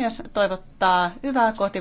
puhemies toivottaa hyvää kohti